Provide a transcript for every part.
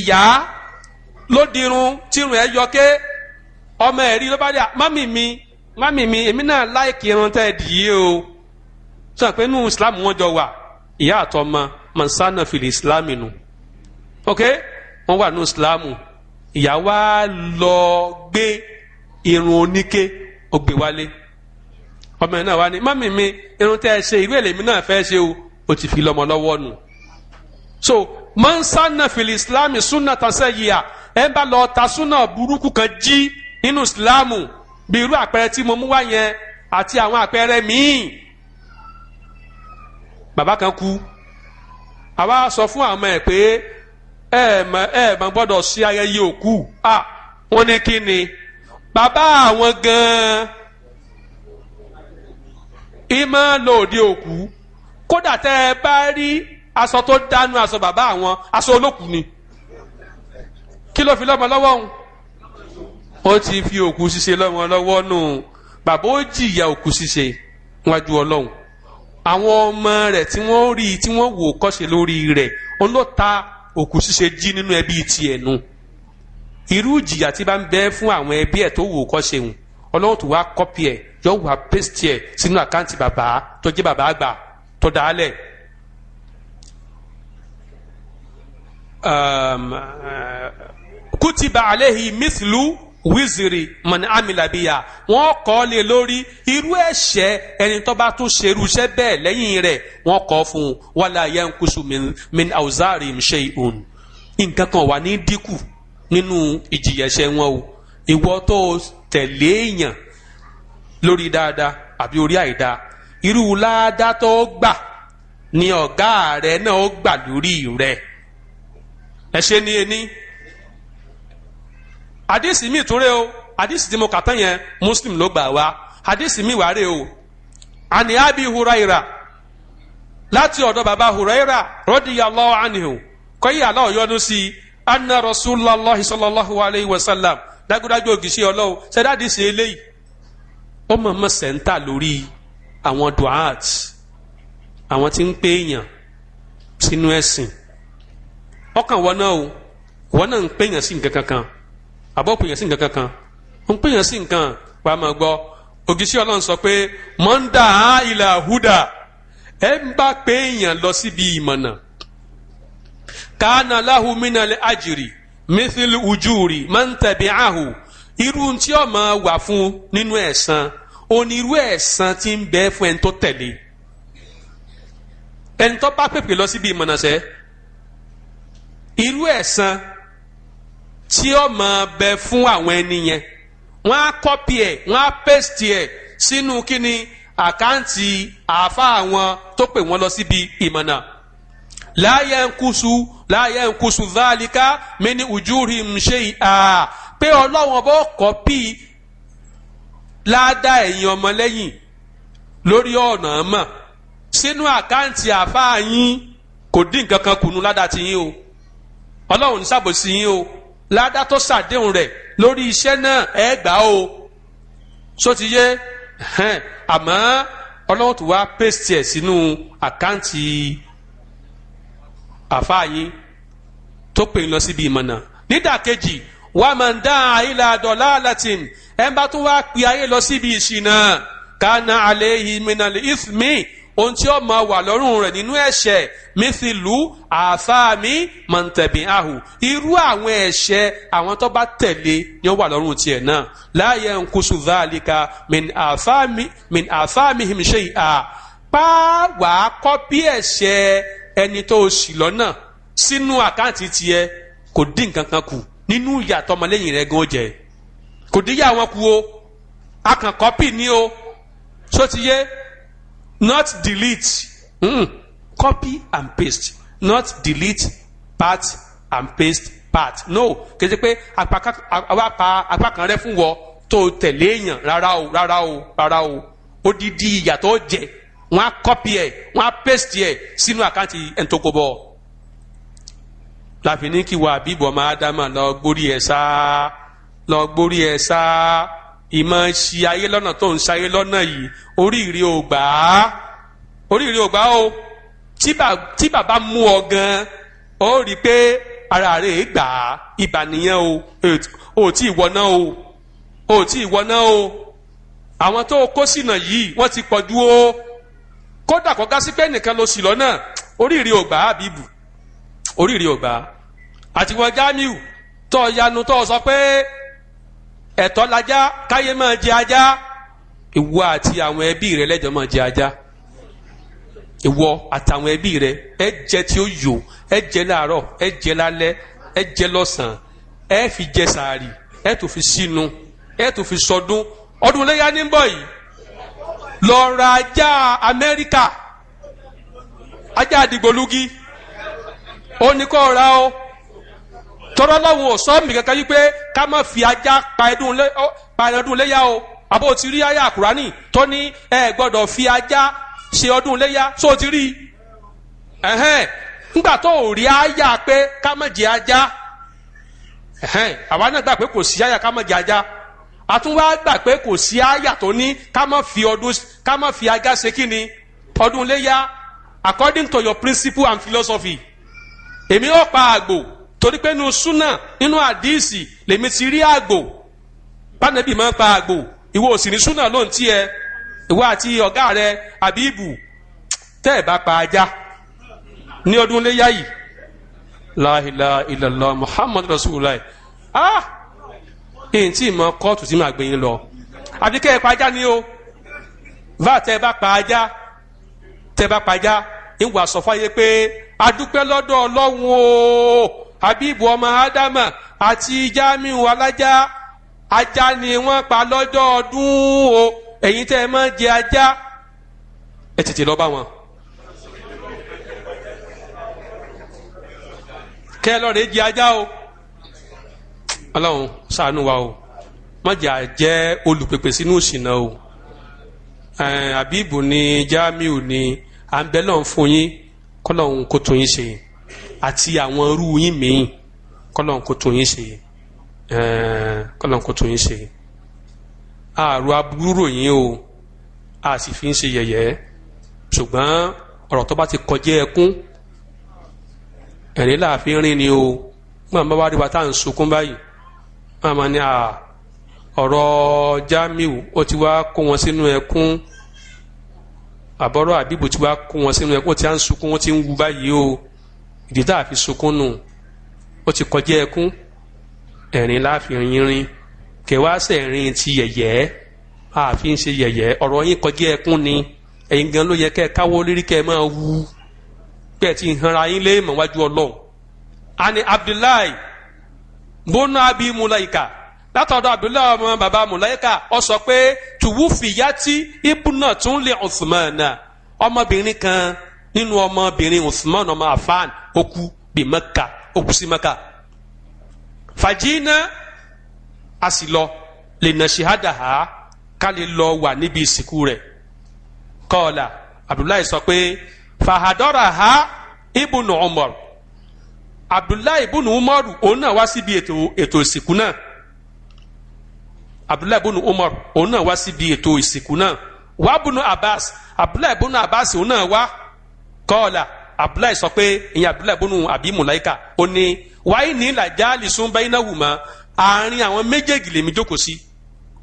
ìyá ló dirun tírun ẹ yọké ọmọ ẹ rí ló bá dé mami mi mami mi èmi náà láìkì irun tẹ dìé o sọ pé nínú islam wọn jọ wà ìyá àtọmọ mansana fìlì islam nù ok wọn wà nínú islam ìyá wa lọ gbé irun oníke ó gbé wálé ọmọ ẹ náà wá ní mami mi irun tẹ ẹ ṣe ìwé lèmi náà fẹ́ ṣe o ó ti fi lọ́mọ lọ́wọ́ nù so mọ́nsánà fìlì ìsìláàmù súnà tàṣẹ yìí à ẹ bá lọ ta súnà burúkú kan jí nínú ìsìláàmù bí irú àpẹẹrẹ tí mo mú wá yẹn àti àwọn àpẹẹrẹ míì bàbá kan kú àwa sọ fún àwọn ẹ pé ẹ mọ ẹ mọ gbọ́dọ̀ ṣe ayẹyẹ òkú à wọn ní kí ni bàbá àwọn gan ìmọ̀ lòdì òkú kódà tẹ́ ẹ bá rí aṣọ tó dánú aṣọ bàbá àwọn aṣọ olókùú ni kí ló fi lọ́mọ lọ́wọ́ òun ó ti fi òkú ṣíṣe lọ́mọ lọ́wọ́ nù bàbá ó jìyà òkú ṣíṣe wájú ọlọ́run àwọn ọmọ rẹ̀ tí wọ́n rí tí wọ́n wò kọ́ṣe lórí rẹ̀ olóta òkú ṣíṣe jí nínú ẹbí tiẹ̀ nù irú ìjìyà tí bá ń bẹ fún àwọn ẹbí ẹ̀ tó wò kọ́ṣe hùn ọlọ́run tó wá kọ́pì ẹ̀ yọ wá pèsè ẹ̀ sínú àkáǹtì bàbá tó jẹ́ bàbá àgbà tó dáálẹ̀ Um, uh, kutiba alehi mislu wiziri mọ̀nà amìlàbíyà wọ́n kọ́ lé lórí irú ẹ̀ṣẹ̀ ẹni tó bá tún ṣerú iṣẹ́ bẹ́ẹ̀ lẹ́yìn rẹ̀ wọ́n kọ́ fún un wàlá yankusu min awzari ṣe ìhùn nǹkan kan wà ní dínkù nínú ìjìyàṣẹ́ wọn o ìwọ tó tẹ̀lé èèyàn lórí dáadáa àbí orí àìdáa irú ládàá tó gbà ni ọ̀gá rẹ̀ náà gbà lórí rẹ̀ ẹ̀ṣẹ̀ ni ení àdìsí mi ìtúrẹ́ o àdìsí tí mo kà tán yẹn muslim ló gbà wá àdìsí mi wà o àní abi huraira láti ọ̀dọ̀ baba huraira radiyallahu anhu kọ́yí Allah yọ́nú sí i anna rasulallah sallallahu alayhi wa sallam dágúdájú ògìṣẹ́ ọlọ́wọ́ sẹ́dáàdì sí eléyìí ó mọ̀ mọ́ sẹ́ńtà lórí àwọn duat àwọn tí ń pè èèyàn sínú ẹ̀sìn. ọkàn wọn náà o wọn náà ń pèyàn sí nǹkan kankan àbọ̀ pèyàn sí nǹkan kankan ń pèyàn sí pé mọ́ńdà lọ síbi ìmọ̀nà kàánà láhùmínàlẹ́ àjìrì na ujúri mọ́ńtàbí àhù irú tí ó máa wà fún nínú ẹ̀san onírú ẹ̀san tí ń bẹ fún irú ẹ̀san tí ó máa bẹ fún àwọn ẹni yẹn wọ́n á kọ́pì ẹ̀ wọ́n á pẹ́sìtì ẹ̀ sínú kíni àkáǹtì àáfà àwọn tó pè wọ́n lọ síbi ìmọ̀nà láyé nkúsu láyé nkúsu dhalika mini ujúri mṣe à pé ọlọ́wọ́n bó kọ́pì ládàá ẹ̀yìn ọmọlẹ́yìn lórí ọ̀nà mọ̀ sínú àkáǹtì àáfà yín kò dín nǹkan kùnú ládàá ti yín o ọlọ́run ní sàbòsí yín o ládá tó sàdéhùn rẹ̀ lórí iṣẹ́ náà ẹ gbà o só ti yé àmọ́ ọlọ́run tó wá paste ẹ̀ sínú àkáǹtì àfáàyín tó pè ń lọ síbi ìmọ̀nà nídàkejì wà máa ń dá àyílà dọ̀là latin ẹ̀ ń bá tó wá pe ayé lọ síbi ìṣìnà kánà àlẹ́ yìí mìnàlẹ́ ìfmi ohun tí ó máa wà lọ́rùn rẹ̀ nínú ẹ̀ṣẹ̀ mithilu àfààmì mọ̀ntẹ̀bí ahù irú àwọn ẹ̀ṣẹ̀ àwọn tó bá tẹ̀lé ni ó wà lọ́rùn tiẹ̀ náà láàyè nkùsù dhalika min àfààmì min àfààmì himṣe à pa wàá kọ́pí ẹ̀ṣẹ̀ ẹni tó o sì lọ́nà sínú àkáǹtì tiẹ̀ kò dín nǹkan kan kù nínú ìyàtọ̀ ọmọlẹ́yìn rẹ̀ gan jẹ́ kò dín yà wọn kú o a kàn ni o sótìyé. So not delete mm, copy and paste not delete part and paste part no kéde pé apá apá kan rẹ fún wọ tó tẹ̀lé èèyàn rárá o rárá o rárá o odidi ìyàtọ̀ jẹ wọn á copy ẹ wọn á paste ẹ sínú àkáǹtì ẹ̀ńtókòbọ̀ láfi ní kí wà bíbọ̀ máa dá mà lọ gbórí ẹ̀ sáá lọ gbórí ẹ̀ sáá ìmọ̀ ṣi ayé lọ́nà tó ń ṣayé lọ́nà yìí oríire ò gbà á oríire ò gbà á o tí bàbá mú ọ gan ó rí i pé ara rẹ̀ gbà á ibà o ò tí ì wọná o ò tí ì wọná o àwọn tó kó sínà yìí wọ́n ti pọ̀jù o kódà kó gá sí pé nìkan ló sì lọ́nà oríire ò gbà á bíbù oríire ò gbà á àtiwọ̀n Jamiu tó yanu tó sọ pé ẹ̀tọ́ lajá káyé máa jẹ ajá ìwọ àti àwọn ẹbí rẹ lẹ́jọ́ máa jẹ ajá ìwọ àtàwọn ẹbí rẹ ẹ jẹ tí ó yò ẹ jẹ láàárọ̀ ẹ jẹ lálẹ́ ẹ jẹ fi jẹ sàárì ẹ tó fi sínú ẹ tó fi sọdún ọdún léyà ní bọ̀ yìí lọ ra ajá Amẹ́ríkà ajá àdìgbòlugi ó ní kó ra o tọ́rọ́ lọ́hùn ò sọ́ọ̀mì kankan yí pé ká má fi ajá pa ẹdún léyà o àbó ti rí ayé àkùránì tó ní ẹ gbọ́dọ̀ fi ajá ṣe ọdún léyà tó ti rí ẹ̀hẹ́n nígbà tó ò rí ayá pé ká má jẹ ajá ẹ̀hẹ́n àwa náà gbà pé kò sí ayá ká má jẹ ajá àtúnwá gbà pé kò sí àyà tó ní ká má fi ọdún ká má fi ajá ṣe kí ni ọdún léyà according to your principle and philosophy èmi ó pa àgbò torí pé nínú súnà nínú àdíìsì lèmi ti rí àgbò bánẹ́bì máa ń pa àgbò ìwọ ò sì ní súnà ló ń tiẹ̀ ìwọ àti ọ̀gá rẹ àbíbù tẹ́ ẹ̀ bá pa ajá ní ọdún léyà yìí láhìlá ìlàlá muhammadu rasulillah ah èyí tí mo kóòtù tí màá gbé yín lọ àbí kee ẹ pa ajá ni o va teba ẹ bá pa ajá tẹ́ ẹ bá pa ajá ń wà sọ fún ayé pé adúpẹ́ lọ́dọ̀ ọlọ́run o. habibu ọmọ adama àti jamiu alájà ajá ni wọ́n pa lọ́jọ́ ọdún o ẹ̀yin tẹ́ ẹ máa jẹ ajá ẹ tètè lọ bá wọn. kẹ́ ẹ lọ́ọ́ rẹ̀ jẹ ajá o ọlọ́run ṣàánú wa o mọ̀jà jẹ́ olùpèpè sínú òṣìnà o habibu ni jamiu ni à ń bẹ́ lọ́n fún yín kọ́lọ́hún kó tún yín ṣe àti àwọn irú yín míì kọ́lọ̀ kó tún yín ṣe eh, kọ́lọ̀ ṣe àrò aburú ròyìn o a sì fi ń ṣe yẹ̀yẹ́ ṣùgbọ́n ọ̀rọ̀ tó bá ti kọjá ẹkún ẹ̀rín láàfin rìn ni o màmá wa rí wa tá à ń sunkún báyìí màmá ni àà ọ̀rọ̀ Jamiu ó ti wá kó wọn sínú ẹkún àbọ̀rọ̀ àbíbò ti wá kó wọn sínú ẹkún ó ti à ń sunkún ó ti ń wu báyìí o ìdí tá a fi sunkún nù ó ti kọjá ẹkún ẹ̀rín láàfin yínrín kẹwàá sẹ̀rín ti yẹ̀yẹ́ àfi ṣe yẹ̀yẹ́ ọ̀rọ̀ yín kọjá ẹkún ni ẹ̀yin gan ló yẹ kẹ́ ẹ káwọ́ lérí kẹ́ ẹ máa wú pé ẹ ti hanra yín léèmọ̀ wájú ọlọ́run ani abdullahi bónú abi mulaika látọ̀dọ̀ abdullahi ọmọ bàbá mulaika ó sọ pé tùwúfìyàtì ibùnà tún lè Uthmana ọmọbìnrin kan nínú ọmọbìnrin usman ọmọ afaan ó kú bí maka ó kú sí maka fàjínà a sì lọ lè nà ṣìhádà ha ká lè lọ wà níbi ìsìnkú rẹ̀ kọ́ọ̀là abdullahi sọ pé fàhádọ́rà ha ibùnú umar abdullahi ibùnú umar òun náà wá síbi ètò ìsìnkú náà abdullahi ibùnú umar òun náà wá síbi ètò ìsìnkú náà wàá bùnú abbas abdullahi ibùnú abbas òun náà wá kọ́ọ̀là abdullahi sọ pé ìyẹn abdullahi bónú àbí mùláìkà ó ní wáyé ní làjà àlìsùn bainahuma àárín àwọn méjèèjì lèmi jókòó sí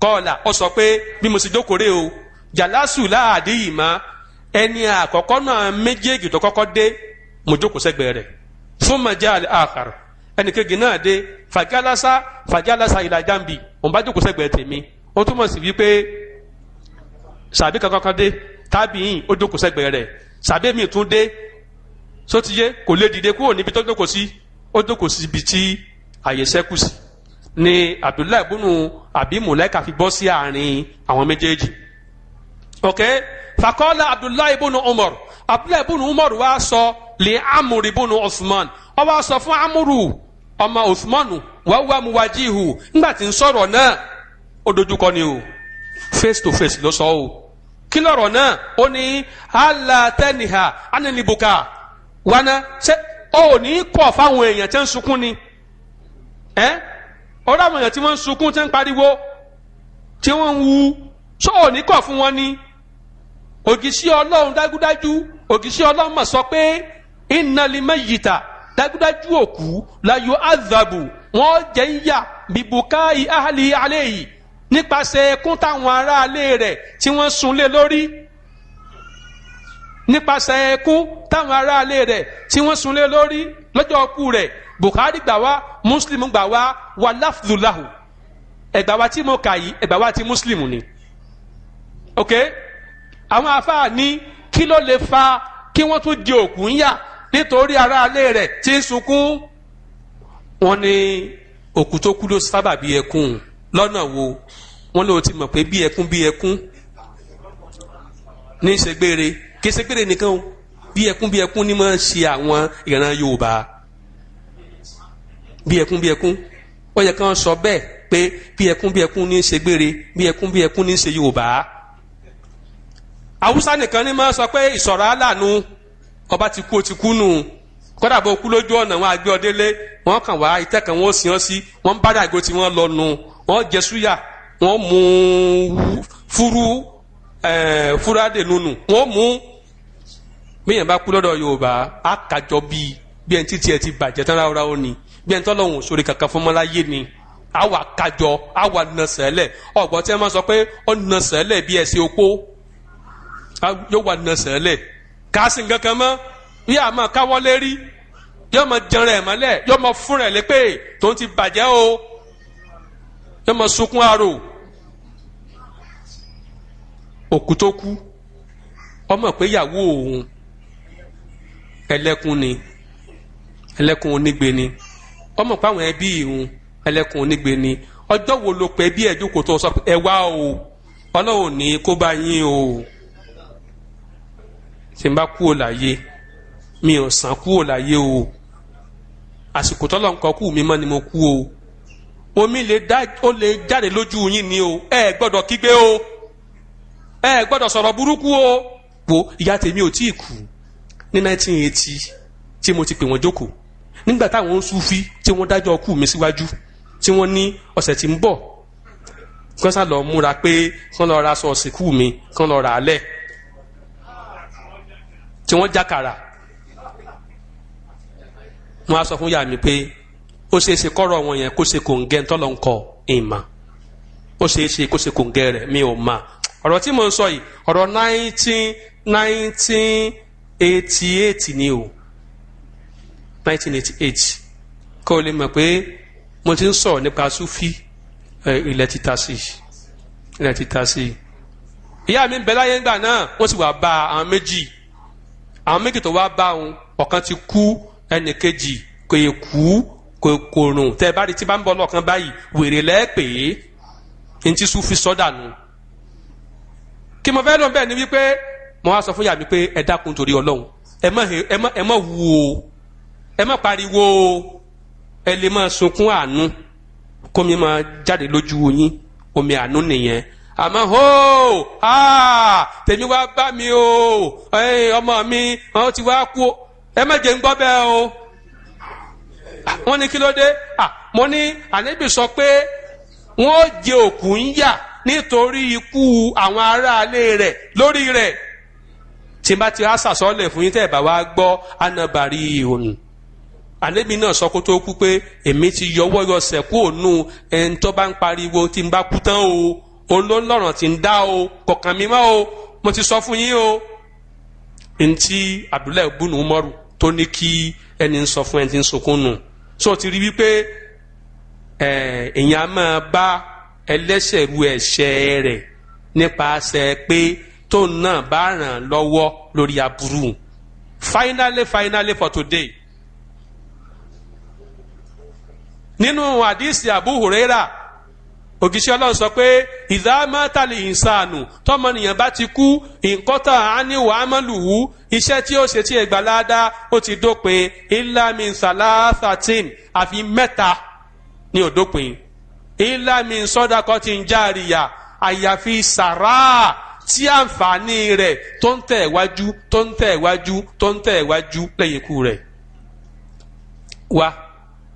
kọ́ọ̀là ó sọ pé bí mo sì jókòó rè o jàlásù láàdí yìí mọ́ ẹni àkọ́kọ́ náà méjèèjì tó kọ́kọ́ dé mo jókòó sẹ́gbẹ̀ẹ́ rẹ̀ fún mọ̀já àkàr ẹnì kejì náà dé fàjálásá fàjálásá ìlàjà ń bì òun bá jókòó sẹ́gbẹ̀ẹ́ tèmi ó túmọ̀ sí wípé sàbí kankan kan dé tábìyìn ó jókòó sẹ́gbẹ̀ẹ́ rẹ̀ sàbẹ̀mí tún dé sotiye kò lè dìde kúrò níbi tó dókòó sí ó dókòó sí ibi tí àyè sẹ́kù sí ni Abdullahi bunu àbí mùlẹ́kà fi bọ́ sí àárín àwọn méjèèjì ok fakọ́lá Abdullahi bunu Umar Abdullahi bunu Umar wá sọ lè amúri bunu Usman ó wá sọ fún amúru ọmọ Usmanu wá wá mu wájú ihu nígbà tí ń sọ̀rọ̀ náà ó dojúkọ ni o face to face ló sọ o kí lọ̀rọ̀ náà ó ní alatẹ́nìhà anilibuka wana ṣé ó ní kọ̀ fáwọn èèyàn tí ń sunkún ni ẹ́ ọ̀rọ̀ àwọn èèyàn tí wọ́n ń sunkún tí ń pariwo tí wọ́n ń wu ṣé ó ní kọ̀ fún wọn ni ògìsí ọlọ́run dájúdájú ògìsí ọlọ́run mà sọ pé ìnàlímẹ̀ dájúdájú òkú láyò azabu wọ́n jẹ́ ń yà bíbùkáì ahàlì alẹ́ yìí nípasẹ̀ ẹkún táwọn aráalé rẹ̀ tí wọ́n sunlé lórí nípasẹ̀ ẹkún táwọn aráalé rẹ̀ tí wọ́n sunlé lórí lọ́jọ́ ọkú rẹ̀ Bukhari gbà wá Muslim gbà wá wà ẹgbà wa tí mo kà yìí ẹgbà wa ti Muslim ni ok àwọn afáà ní kí ló lè fa kí wọ́n tún di òkú ń yà nítorí aráalé rẹ̀ tí ń sunkún wọ́n ní òkú tó kú ló sábàbí ẹkún un lọ́nà wo wọ́n lọ́wọ́ ti mọ̀ pé bí ẹkún bí ẹkún ní ìṣègbére kí nìkan bí ẹkún bí ẹkún ni máa ń ṣe àwọn ìran Yorùbá bí ẹkún bí ẹkún ó yẹ kí wọ́n sọ bẹ́ẹ̀ pé bí ẹkún bí ẹkún ní ìṣègbére bí ẹkún bí ẹkún ní ìṣe Yorùbá Haúsá nìkan ni máa sọ pé ìsọ̀rọ̀ aláàánú ọba ti kú ó ti kú nù. kódà bó kú lójú ọ̀nà wọn àgbẹ̀ ọdẹ́lé wọn kàn wá ìtẹ́ wọn ó sìn ọ́ sí wọn bá dàgbò tí lọ nu wọn jẹ wọn mú fúrú fúrádé nùnù wọn mú bíyẹn bá kú lọ́dọ̀ Yorùbá á kàjọ bíi ẹni títí ẹ ti bàjẹ́ tán ráúráú ni bí ẹni tọ́lọ́hún òṣèré kankan fún ni ọ̀gbọ́n tí sọ pé ẹ̀sìn yóò bí a máa káwọ́ lérí yóò máa jẹun rẹ̀ mọ́lẹ̀ yóò máa fún rẹ̀ lépè tó ń ti bàjẹ́ o yóò máa sunkún arò òkú tó kú ọmọ pé ìyàwó òun ẹlẹ́kùn ni ẹlẹ́kùn onígbe ni ọmọ pé àwọn ẹbí òun ẹlẹ́kùn onígbe ni ọjọ́ wo ló pẹ́ bí ẹ̀dùn kò tó sọ ẹ wá o ọlọ́run ní kó bá yín o tí n bá kú ò láyé mi ò sàn kúrò láyé o àsìkò tọ́lọ̀ nǹkan kú mi mọ́ ni mo kú o omi lè dá o lè jáde lójú yín ni o ẹ gbọ́dọ̀ kígbe o ẹ gbọ́dọ̀ sọ̀rọ̀ burúkú o wo ìyá tèmi ò tí ì kú ní 1980 tí mo ti pè wọ́n jókòó nígbà táwọn ń sufi tí wọ́n dájọ́ kú mi síwájú tí wọ́n ní ọ̀sẹ̀ tí ń bọ̀ kán sá lọ múra pé kán lọ ra aṣọ ọ̀sìnkú mi kán lọ rà á lẹ̀ tí wọ́n jákàrà mo á sọ fún yàrá mi pé ó ṣeé ṣe kọ́rọ̀ wọn yẹn kó ṣe kò ń gẹ́ ntọ́ lọ ń kọ ìmọ̀ ó ṣeé ṣe kó ṣe kò ń gẹ́ rẹ̀ mi ò mà ọ̀rọ̀ tí mo ń sọ yìí ọ̀rọ̀ nineteen nineteen eighty eight ni o nineteen eighty eight kó o lè mọ̀ pé mo ti ń sọ̀rọ̀ nípa sufi ilẹ̀ títà sí ilẹ̀ títà sí ìyá mi bẹ láyé ńgbà náà wọ́n sì wá bá àwọn méjì àwọn méjì tó wá bá òun ọ̀kan ti kú ẹnì kejì kò yẹ kú kò kò rùn tẹ ẹ bá rí tí bá ń bọ lọ́kàn báyìí wèrè lẹ́ẹ̀pẹ́ ntí sufi sọ́dà nù kí mo fẹ́ lọ bẹ́ẹ̀ ni wípé mo wá sọ fún yàrá mi pé ẹ dákun torí ọlọ́run ẹ má ẹ má ẹ má wù o ẹ má pariwo o ẹ lè máa sunkún àánú kó mi máa jáde lójú yín omi àánú nìyẹn àmọ́ hó tèmi wá bá mi o ọmọ mi wọ́n ti wá kú o ẹ má jẹ́ ń gbọ́ bẹ́ẹ̀ o ah, wọ́n ní kí ló dé ah, mo ní ànábì sọ pé wọ́n jẹ òkú ń yà nítorí ikú àwọn aráalé rẹ̀ lórí rẹ̀ tí n bá ti aṣàsọ́lẹ̀ fún yín tẹ́ ẹ̀ bá wá gbọ́ anabari ìhòòhùn ànábì náà sọ kó tó kú pé èmi ti yọwọ́ yọsẹ̀ kú òun ẹni tó bá ń pariwo tí n bá kú tán o òun ló ń lọ́ràn tí ń dá o kọ̀ọ̀kan mi mọ́ o mo ti sọ fún yín o ntí Abdullahi bunu umaru tó ní kí ẹni ń sọ fún ẹni tí ń sunkún nù so ti rí wípé èèyàn máa bá ẹlẹ́ṣẹ̀ ru ẹ̀ṣẹ̀ rẹ̀ nípasẹ̀ pé tóun náà bá ràn lọ́wọ́ lórí aburú finally finally for today nínú àdìsí Abu Huraira ògìṣẹ́ ọlọ́run sọ pé ìdá mẹ́tàlì ìsànù tọmọnìyàn bá ti kú nǹkan tán á ní mọ́lùwú iṣẹ́ tí ó ṣe tí ẹ gbà ládàá ó ti dópin ilamin salasatin àfi mẹ́ta ni ò dópin ilamin sọ́dakọ́ ti ń jáàríyà àyàfi sàrà tí àǹfààní rẹ̀ tó ń tẹ̀ wájú tó ń tẹ̀ wájú tó ń tẹ̀ wájú lẹ́yìn ikú rẹ̀ wá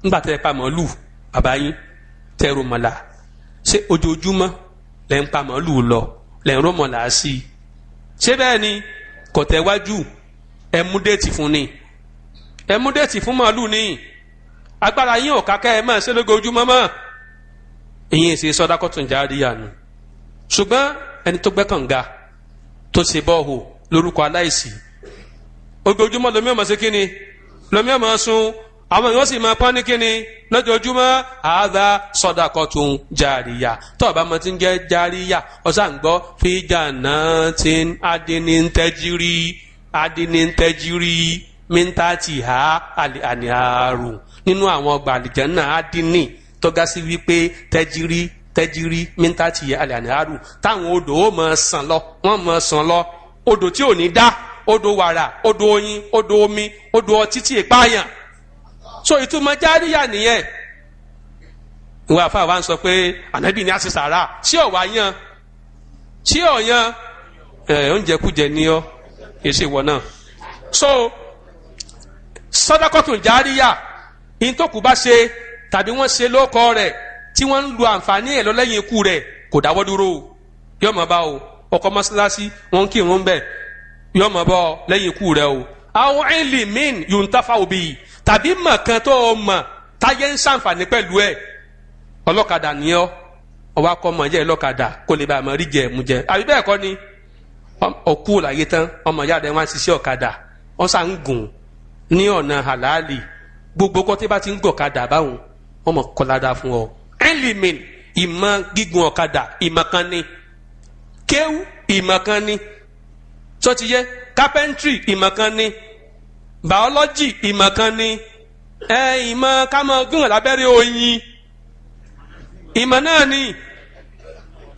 nígbà tẹ́ ẹ pa màálù bàbá yín tẹ́ ẹ rọmọlá ṣé ojoojúmọ́ lẹ́ ń pa màálù lọ lẹ́ ń rọmọlá sí i ṣé bẹ́ẹ̀ ni kọ̀tẹ́wájú ẹ mú déètì fún ni ẹ mú déètì fún màálù ni agbára yín ọ̀ka kẹ́ ẹ máa ṣe lójoojúmọ́ mọ́ ìyẹn sì sọdá kọ́tún jáde yànnú ṣùgbọ́n ẹni tó gbẹ́ tó ṣe bọ́ọ̀hù lórúkọ aláìsí ojoojúmọ́ lomi ọmọ ṣe kíni lomi ọmọ sun àwọn èèyàn sì máa pọ́n ní kíni lójoojúmọ́ àádá sọ́dàkọ̀tún jàríyà tó o bá mọ ti ń jẹ́ jàríyà ọ̀sán gbọ́ fíjànà tí adínítẹ́jírí adínítẹ́jírí mintati ha àníhàrù nínú àwọn ọgbà àlìjẹ́nà adínì tó ga sí wípé tẹ́jírí tẹ́jírí mintati àníhàrù táwọn odò ó máa sàn lọ wọ́n máa sàn lọ odò tí ò ní dá odò wàrà odò oyin odò omi odò ọtí tí èèpáyàn. E so ìtumọ̀ járíyà nìyẹn ìwé àfa wa ń sọ pé ànábì ní àṣẹ sàrà tí ò wá yan tí ò yan oúnjẹ kújẹ ní ọ èsì ìwọ náà so sọdọkọtun járíyà ìtòkù bá ṣe tàbí wọ́n ṣe lóko rẹ̀ tí wọ́n ń lu àǹfààní ẹ̀ lọ́lẹ́yìn ikú rẹ̀ kò dáwọ́ dúró o yóò mọ̀ bá o ọkọ̀ mọ́ṣáláṣí wọ́n ń kírun bẹ̀ yóò mọ̀ bá lẹ́yìn ikú rẹ̀ o àwọn ẹ̀lì míìn yóò ń tàfà òbí yìí tàbí mọ̀ kan tó o mọ̀ táyé ń ṣàǹfààní pẹ̀lú ẹ̀ ọlọ́kadà ni ọ́ ọwọ́ akọ ọmọ ìyá ẹ lọ́kadà kó lè bá a mọ̀ rí jẹ mú jẹ àbí bẹ́ẹ̀ kọ́ ni òkú làyé tán ọmọ ìyá rẹ̀ wọ́n á ṣiṣẹ́ ọ̀kadà wọ́n sà ń gùn ní ọ̀nà àlàálì gbogbo kọ́ tí bá ti ń gùn ọ̀kadà báwọn wọ́n kọ́ládà fún ọ. ẹnlímìn ìmọ̀ gígùn ọ̀kadà ìmọ̀ ni kéwú ìmọ̀ ni sọtiyẹ kápẹ́ńtírì ìmọ̀ ni bàọ́lọ́jì ìmọ̀ kan ni ẹ ìmọ̀ ká mọ gùn lábẹ́rẹ́ oyin ìmọ̀ náà ni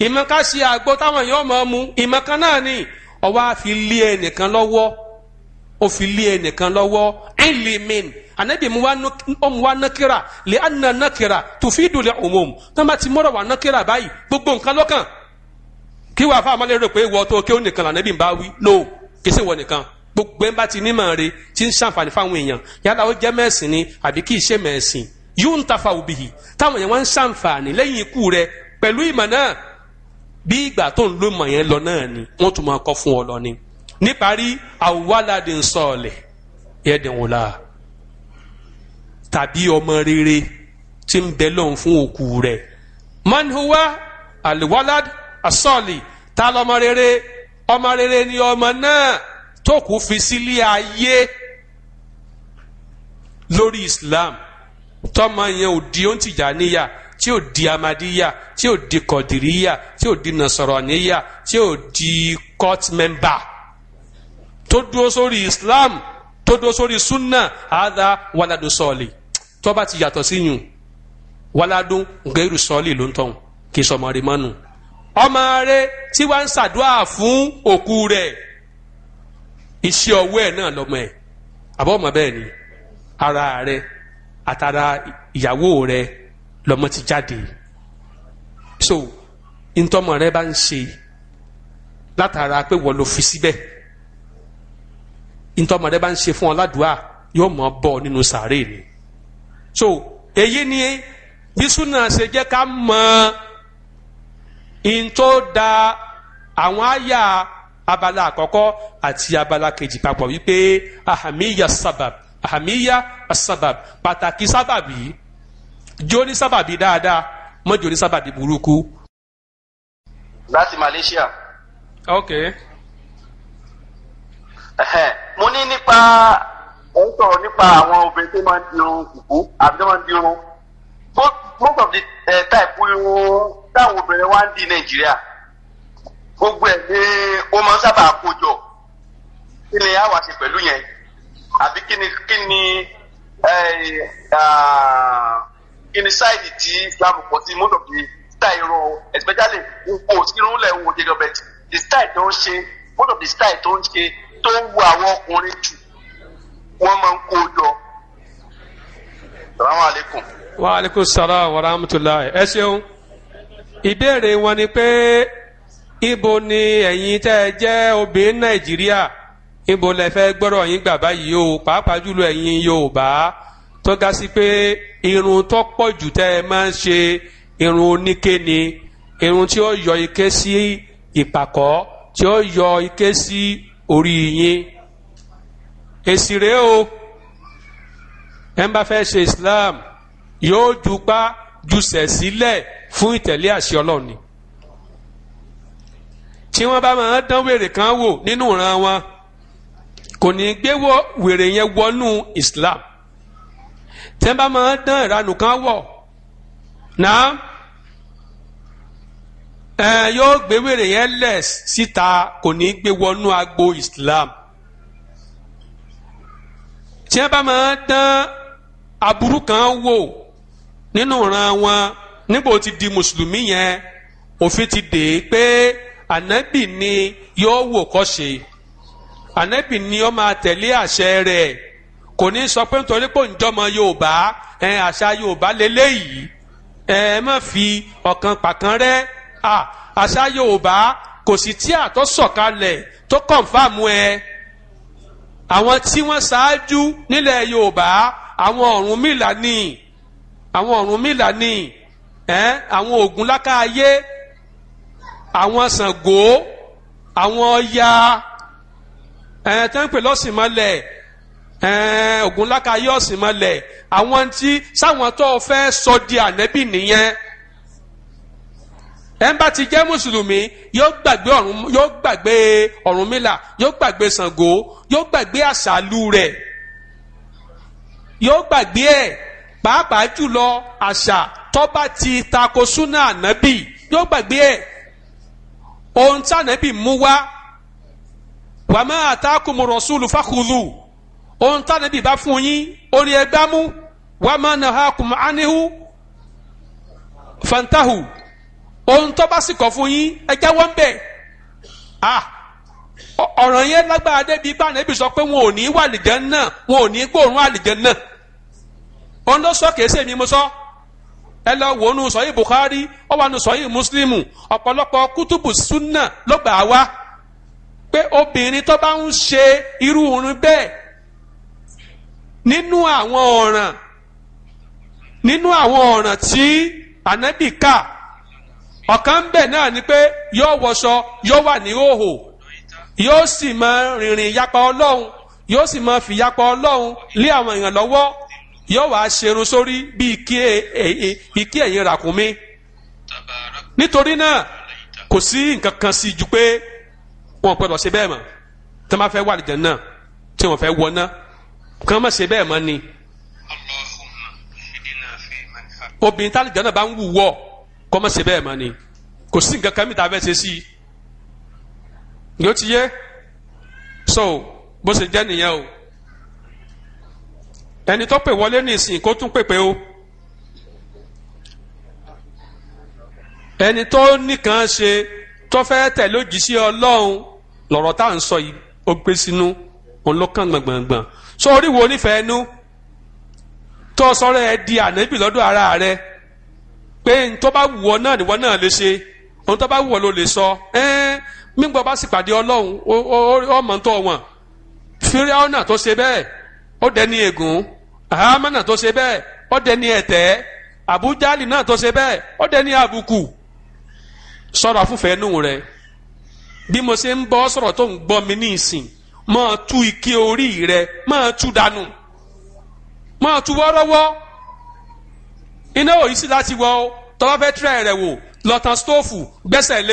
ìmọ̀ ká ṣe àgbo táwọn èèyàn mọ̀ mu ìmọ̀ kan náà ni ọwọ́ á lé ẹnìkan lọ́wọ́ ó fi lé ẹnìkan lọ́wọ́ ẹ̀lẹ́mìn anabi mu wa ọmu wa nakira lè ana nakira tufi dùlẹ̀ òmùm tó bá ti mọ́rọ̀ wa nakira báyìí gbogbo nǹkan lọ́kàn kí wàá fà á má lè rò pé wọ́n tó kí ó nìkan lànà bá wí no kì í ṣe wọ́n nìkan gbogbo ẹ̀ ń bá ti nímọ̀ rẹ̀ tí ń ṣàǹfààní fáwọn èèyàn yálà ó jẹ́ mẹ́sìn ni àbí kì í ṣe mẹ́sìn yóò ń tafa òbí yìí táwọn èèyàn wá ń ṣàǹfààní lẹ́yìn ikú rẹ̀ pẹ̀lú ìmọ̀ náà bí ìgbà tó ń lo ìmọ̀ lọ náà ni wọ́n tún máa kọ́ fún ọ lọ ni níparí àwòwáládì ń sọ ọ̀lẹ̀ yẹ́dẹ̀wòlá tàbí ọmọ rere tí ń bẹ lọ́hùn fún òkú rẹ̀ manhuwa alwalad asọ́ọ̀lì tá lọ́mọ rere ọmọ rere ni ọmọ náà tó kù fi sílé ayé lórí Islam tọmọ yẹn ò di ontìjàníyà tí ò di amadiya tí ò di kọdiriya tí ò di nasaraniya tí ò di court member tó dúró sórí Islam tó dúró sórí sunna àdá wàládùn sọọlì tó bá ti yàtọ̀ sí yùn wàládùn gẹrù sọọlì ló ń tọ̀hún kì í sọmọ rẹ̀ mọ́nu ọmọ rẹ̀ tí wàá ń ṣàdúrà fún òkú rẹ̀ iṣẹ́ ọwọ́ ẹ̀ náà lọ́mọ ẹ̀ àbọ̀ ọmọ bẹ́ẹ̀ ni ara rẹ àtara ìyàwó rẹ lọ́mọ ti jáde so ntọ́mọ rẹ bá ń ṣe látara pé wọ́n ló fi síbẹ̀ ntọ́mọ rẹ bá ń ṣe fún ọ ládùúà yóò mọ̀ bọ́ nínú sàárè ni so èyí ni bí súnà ṣe jẹ́ ká mọ̀ ntọ́ da àwọn àyà abala àkọ́kọ́ àti abala kejì papọ̀ wípé ahamiya sábàb ahamiya sábàb pàtàkì sábàbí jóni sábàbí dáadáa mọ́ jóni sábàbí burúkú. láti Malaysia. ok. mo ní nípa ẹ̀ ń sọ̀rọ̀ nípa àwọn obìnrin tó máa ń di irun kùkú àbí tó máa ń di irun most of the eh, time irun táwọn obìnrin wá ń di Nàìjíríà gbogbo ẹ̀ ni ó máa ń sábà kójọ kí ni a wá ṣe pẹ̀lú yẹn àbí kí ni kí ni kí ni sáìdì tí Islam pọ̀ sí mọ́tò bíi style rọ especially wo sírúnlẹ̀ wo jẹ́gọ̀ bẹ́ẹ̀ the style tó ń ṣe most of the style tó ń ṣe tó ń wo àwọn ọkùnrin jù wọ́n máa ń kó jọ. wa aleykum salaam wa rahmatulahi ẹ ṣeun ìbéèrè wọn ni pé ibo ni ẹ̀yin tẹ́ ẹ jẹ́ obìnrin nàìjíríà ibo lẹ fẹ́ gbọ́rọ̀ yín gbà báyìí o pàápàá jùlọ ẹ̀yin yorùbá tó ga sí pé irun tó pọ̀ jù tẹ́ ẹ máa ń ṣe irun oníke ni irun tí ó yọ ike sí ìpàkọ́ tí ó yọ ike sí orí yín èsì rèé o ẹ ń bá fẹ́ ṣe islam yóò jupá jùsẹ̀ sílẹ̀ fún ìtẹ̀lé àṣẹ ọlọ́run ni tí wọ́n bá máa dán wèrè kan wò nínú ìran wọn kò ní gbé wèrè yẹn wọnú Islam tí wọ́n bá máa dán ìranù kan wò náà ẹ yóò gbé wèrè yẹn lẹ̀ síta kò ní gbé wọnú agbo Islam tí wọ́n bá máa dán aburú kan wò nínú ìran wọn nígbà ó ti di mùsùlùmí yẹn òfin ti dè é pé ànábì ni yóò wò kọ́ ṣe ànábì ni ó máa tẹ̀lé àṣẹ rẹ̀ kò ní sọ pé nítorí pé òǹjọ́mọ Yorùbá ẹ àṣà Yorùbá lélẹ́yìí ẹ má fi ọ̀kan pàkan rẹ́ àṣà Yorùbá kò sí tí àtọ́ sọ̀kalẹ̀ tó kọ̀ǹfàmù ẹ àwọn tí wọ́n ṣáájú nílẹ̀ Yorùbá àwọn Ọ̀rúnmìlà ni àwọn Ọ̀rúnmìlà ni ẹ àwọn Ògúnlákáayé àwọn Ṣàngó àwọn Ọya ẹ̀ tẹ́ ń pè lọ́sìmọ́lẹ̀ ẹ̀ Ògúnlákayé ọ̀sìmọ́lẹ̀ àwọn tí sáwọn tó fẹ́ sọ di ànẹ́bì nìyẹn ẹ̀ ń bá ti jẹ́ mùsùlùmí yóò gbàgbé ọ̀run yóò gbàgbé Ọ̀rúnmìlà yóò gbàgbé Ṣàngó yóò gbàgbé àṣàlù rẹ̀ yóò gbàgbé ẹ̀ pàápàá jùlọ àṣà tó ti tako súnà yóò gbàgbé ẹ̀ ohun tí ànábì mú wá wa ma atakumu rasulu fakhudhu ohun tí ànábì bá fún yín orí ẹgbẹ́ mú wa ma nahakum anihu fantahu ohun tó bá sì kọ̀ fún yín ẹ jáwọ́ bẹ̀ ah ọ̀ràn yẹn lágbára débi bá ànábì sọ pé wọn ò ní wà àlìjẹ́ náà wọn ò ní gbóòórùn àlìjẹ́ náà ohun ló sọ kèé sèmi mo sọ. So ẹ lọ wò nu sọyìn Bukhari ó wà nu sọyìn Muslimu ọ̀pọ̀lọpọ̀ kútùbù sunna ló gbà wá pé obìnrin tó bá ń ṣe irú orin bẹ́ẹ̀ nínú àwọn ọ̀ràn nínú àwọn ọ̀ràn tí ànábì kà ọ̀kan bẹ̀ náà ni pé yóò wọṣọ yóò wà ní òhò yóò sì máa rìnrìn yapa ọlọ́run yóò sì máa fìyapa ọlọ́run lé àwọn èèyàn lọ́wọ́ yóò wá ṣerun sórí bíi kí ẹ̀yin ràkúnmí nítorí náà kò sí nǹkan kan sí ju pé wọn gbọ́dọ̀ ṣe bẹ́ẹ̀ mọ́ tí wọ́n bá fẹ́ wà lìjẹ́ náà tí wọ́n fẹ́ wọ náà kàn má ṣe bẹ́ẹ̀ mọ́ ni obìnrin tá àlìjẹ́ náà bá ń wúwọ́ kọ́ má ṣe bẹ́ẹ̀ mọ́ ni kò sí nǹkan kan mi ta fẹ́ ṣe sí i yóò ti yé so bó ṣe jẹ́ nìyẹn o. ẹni tó pè wọlé nìsín kó tún pèpè o ẹni tó nìkan ṣe tó fẹ́ tẹ̀ lójíṣẹ́ ọlọ́run lọ̀rọ̀ tá à ń sọ yìí ó gbé sínú òun ló kàn gbọ̀ngbọ̀ngbọ̀n sọ orí wo nífẹ̀ẹ́ nú tó sọ̀rọ̀ ẹ di ànábì lọ́dọ̀ ara rẹ pé tó bá wù ọ náà níwọ náà lè ṣe ohun tó bá wù ọ ló lè sọ bá sì pàdé ọlọ́run ọmọ tó wọn fíríà ọ̀nà tó ṣe bẹ́ẹ̀ ó dẹni ahamana tó ṣe bẹ́ẹ̀ ó dẹni náà tó ṣe bẹ́ẹ̀ ó dẹni àbùkù sọ̀rọ̀ afúnfẹ́ nù bí mo ń bọ́ tó ń gbọ́ mi ní ìsìn ike orí danu iná òyì sí láti tọ́lá fẹ́ wò lọ́tàn stóòfù gbẹ́sẹ̀